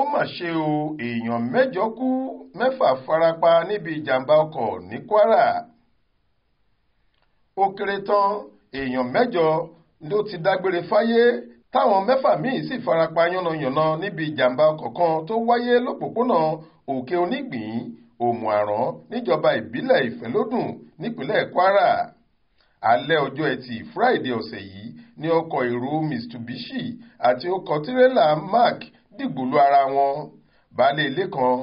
ó mà ṣe o èèyàn mẹ́jọ kú mẹ́fà farapa níbi ìjàmbá ọkọ̀ ní Kwara ó kéré tán èèyàn mẹ́jọ ló ti dágbére fáyé táwọn mẹ́fà míì sì farapa yánnayànna níbi ìjàmbá ọkọ̀ kan tó wáyé lópòpónà òkè onígbìn òmùàrán níjọba ìbílẹ̀ ìfẹ́lódùn nípínlẹ̀ Kwara alẹ́ ọjọ́ ẹtì Friday ọ̀sẹ̀ yìí ni ọkọ̀ èrò Mitsubishi àti ọkọ̀ tirẹ́là Mark dìgbòlú ara wọn baálé ilé kan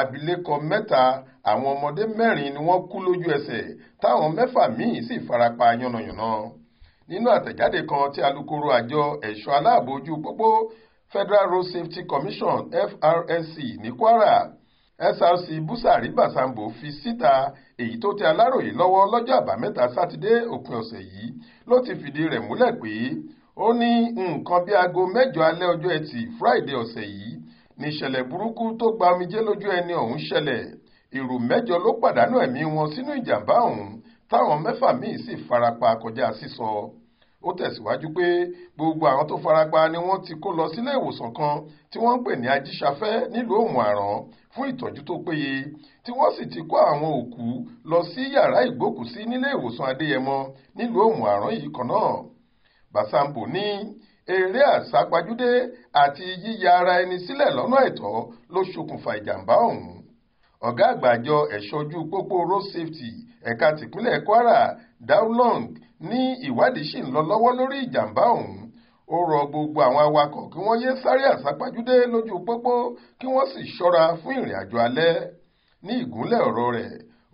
abilékọ mẹ́ta àwọn ọmọdé mẹ́rin ni wọ́n kú lójú ẹsẹ̀ táwọn mẹ́fà míì sì farapa yánnayànna nínú àtẹ̀jáde kan tí alukoro àjọ ẹ̀ṣọ́ aláàbò ojú pópó Federal Road Safety Commission FRSC ní Kwara SRC Busari Basambo fi síta èyí tó tẹ Aláròyé lọ́wọ́ lọ́jọ́ àbámẹ́ta sátidé òpin ọ̀sẹ̀ yìí ló ti fìdí rẹ̀ múlẹ̀ pé ó ní nǹkan bíi aago mẹ́jọ alẹ́ ọjọ́ ẹtì Friday ọ̀sẹ̀ yìí níṣẹ̀lẹ̀ burúkú tó gba omijé lójú ẹni ọ̀hún ṣẹlẹ̀ èrò mẹ́jọ ló pàdánù ẹ̀mí wọn sínú ìjàmbá ọ̀hún táwọn mẹ́fà míì sì farapa kọjá sísọ ó tẹ̀síwájú pé gbogbo àwọn tó farapa ni wọ́n ti kó lọ sílé ìwòsàn kan tí wọ́n ń pè ní ajíṣafẹ́ nílùú òmù àràn fún ìtọ́jú tó péye tí wọ́n sì ti kó àwọn òkú lọ sí yàrá ìgbókùsí nílé ìwòsàn adéyẹmọ nílùú òmù àràn yìí kan náà Basambo ní eré àsápajúdé àti yíya ara ẹni sílẹ̀ lọ́nà àìtọ́ ló ṣokùnfà ìjàmbá ọ̀hún ọ̀gá àgbà ẹ̀ṣọ́ ojú pópó road safety ẹ̀ka tìpínlẹ̀ Kwara Daulong ní ìwádìí ṣì ń lọ lọ́wọ́ lórí ìjàmbá ọ̀hún ó rọ gbogbo àwọn awakọ̀ kí wọ́n yéé sáré àsápajúdé lójú pópó kí wọ́n sì ṣọ́ra fún ìrìn àjò alẹ́ ní ìgúnlẹ̀ ọ̀rọ̀ rẹ̀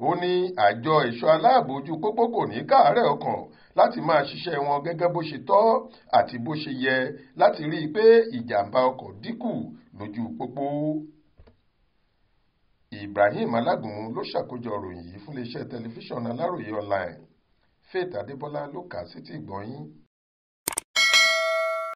ó ní àjọ ẹ̀ṣọ́ aláàbò ojú pópó kò ní káàárẹ̀ ọkàn láti máa ṣiṣẹ́ wọn gẹ́gẹ́ bó ṣe tọ́ àti bó ṣe yẹ láti rí i pé ìjàmbá ọkọ̀ dínkù lójú pópó. Ibrahim Alágúnmu ló ṣàkójọ ìròyìn yìí fún iléeṣẹ́ tẹlifíṣàn Aláròye online Faith Adébọ́lá ló kà á sétí ìgbọ́ yín.